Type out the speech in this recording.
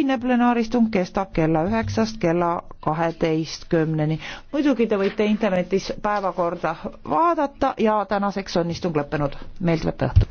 öine plenaaristung kestab kella üheksast kella kaheteistkümneni. muidugi te võite internetis päevakorda vaadata ja tänaseks on istung lõppenud. meeldivat õhtut!